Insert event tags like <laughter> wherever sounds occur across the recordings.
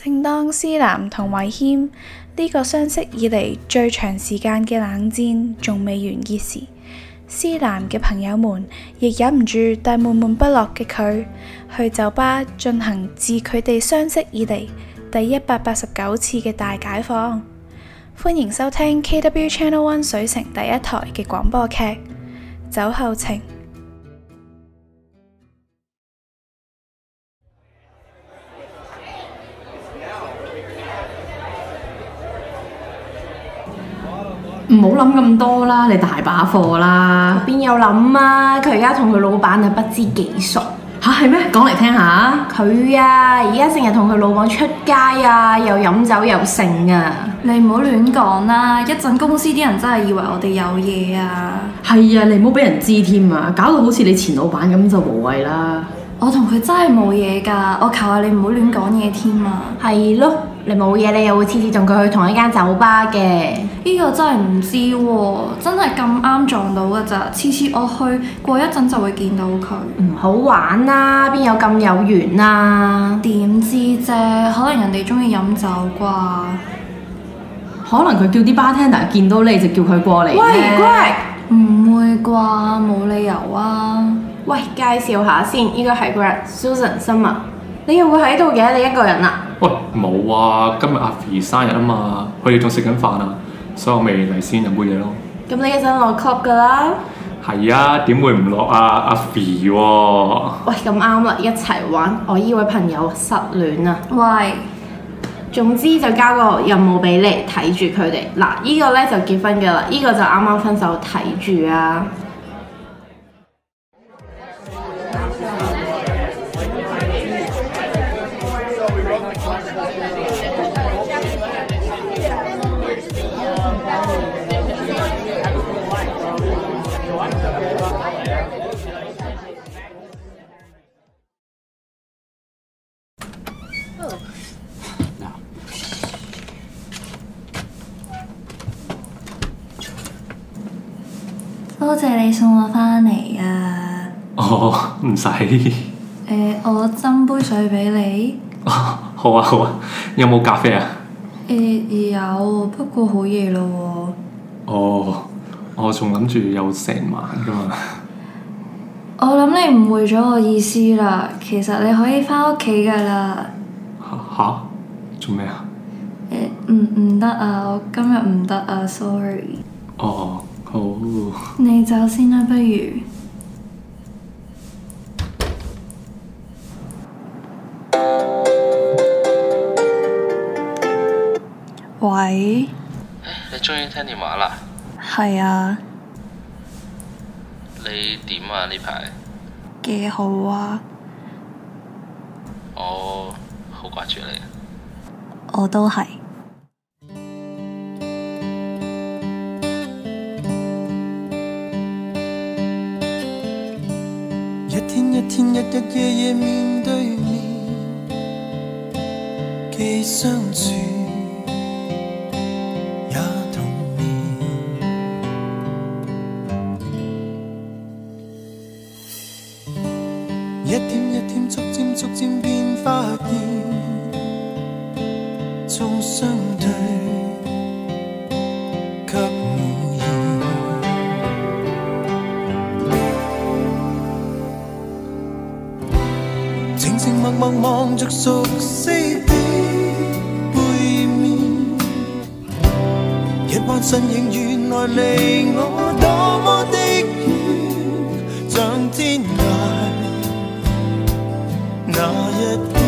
正當思南同維謙呢個相識以嚟，最長時間嘅冷戰仲未完結時，思南嘅朋友們亦忍唔住帶悶悶不樂嘅佢去酒吧進行自佢哋相識以嚟第一百八十九次嘅大解放。歡迎收聽 K W Channel One 水城第一台嘅廣播劇《酒後情》。唔好諗咁多啦，你大把貨啦，邊有諗啊？佢而家同佢老闆啊不知幾熟，吓係咩？講嚟聽，聽下。佢啊，而家成日同佢老闆出街啊，又飲酒又剩啊，啊，啊！你唔好亂講啦，一陣公司啲人真係以為我哋有嘢啊！係啊，你唔好俾人知添啊，搞到好似你前老闆咁就無謂啦。我同佢真係冇嘢噶，我求下你唔好亂講嘢添啊。係咯。你冇嘢，你又會次次同佢去同一間酒吧嘅？呢個真係唔知喎、啊，真係咁啱撞到嘅咋。次次我去過一陣就會見到佢。唔好玩啦，邊有咁有緣啊？點、啊、知啫？可能人哋中意飲酒啩？可能佢叫啲 bartender 見到你就叫佢過嚟。喂，唔 <laughs> 會啩？冇理由啊！喂，介紹下先，呢、這個係 Greg，Susan 新聞。你又會喺度嘅，你一個人啊？喂、哦，冇啊，今日阿肥生日啊嘛，佢哋仲食緊飯啊，所以我未嚟先飲杯嘢咯。咁你一陣落 club 噶啦？係啊，點會唔落啊？阿肥喎、啊。喂，咁啱啦，一齊玩。我依位朋友失戀啊。喂，Why? 總之就交個任務俾你睇住佢哋。嗱，依、這個咧就結婚噶啦，依、這個就啱啱分手，睇住啊。你送我返嚟啊？哦、oh,，唔使、欸。我斟杯水俾你。哦，oh, 好啊好啊，有冇咖啡啊？欸、有啊，不過好夜咯哦，oh, 我仲諗住有成晚噶嘛、啊。我諗你誤會咗我意思啦，其實你可以翻屋企噶啦。吓？做咩啊？唔唔得啊，我今日唔得啊，sorry。哦。Oh. 好，oh. 你先走先啦，不如。喂。Hey, 你終於聽電話啦。係啊。你點啊？呢排。幾好啊。我好掛住你啊。我都係。天日日夜夜面對面，既相處也同眠， <noise> 一點一點逐漸逐漸變發現，終相對。靜靜默默望着熟悉的背面，一 <noise> 彎身影原來離我多麼的遠， <noise> 像天涯那一日。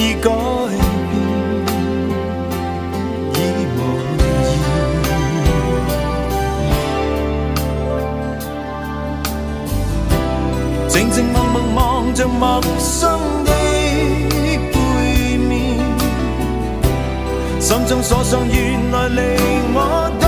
已改變，已無言。靜靜默默望着陌生的背面，心中所想原來離我。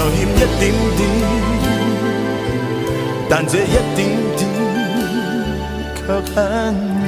就欠一點點，但這一點點卻很難。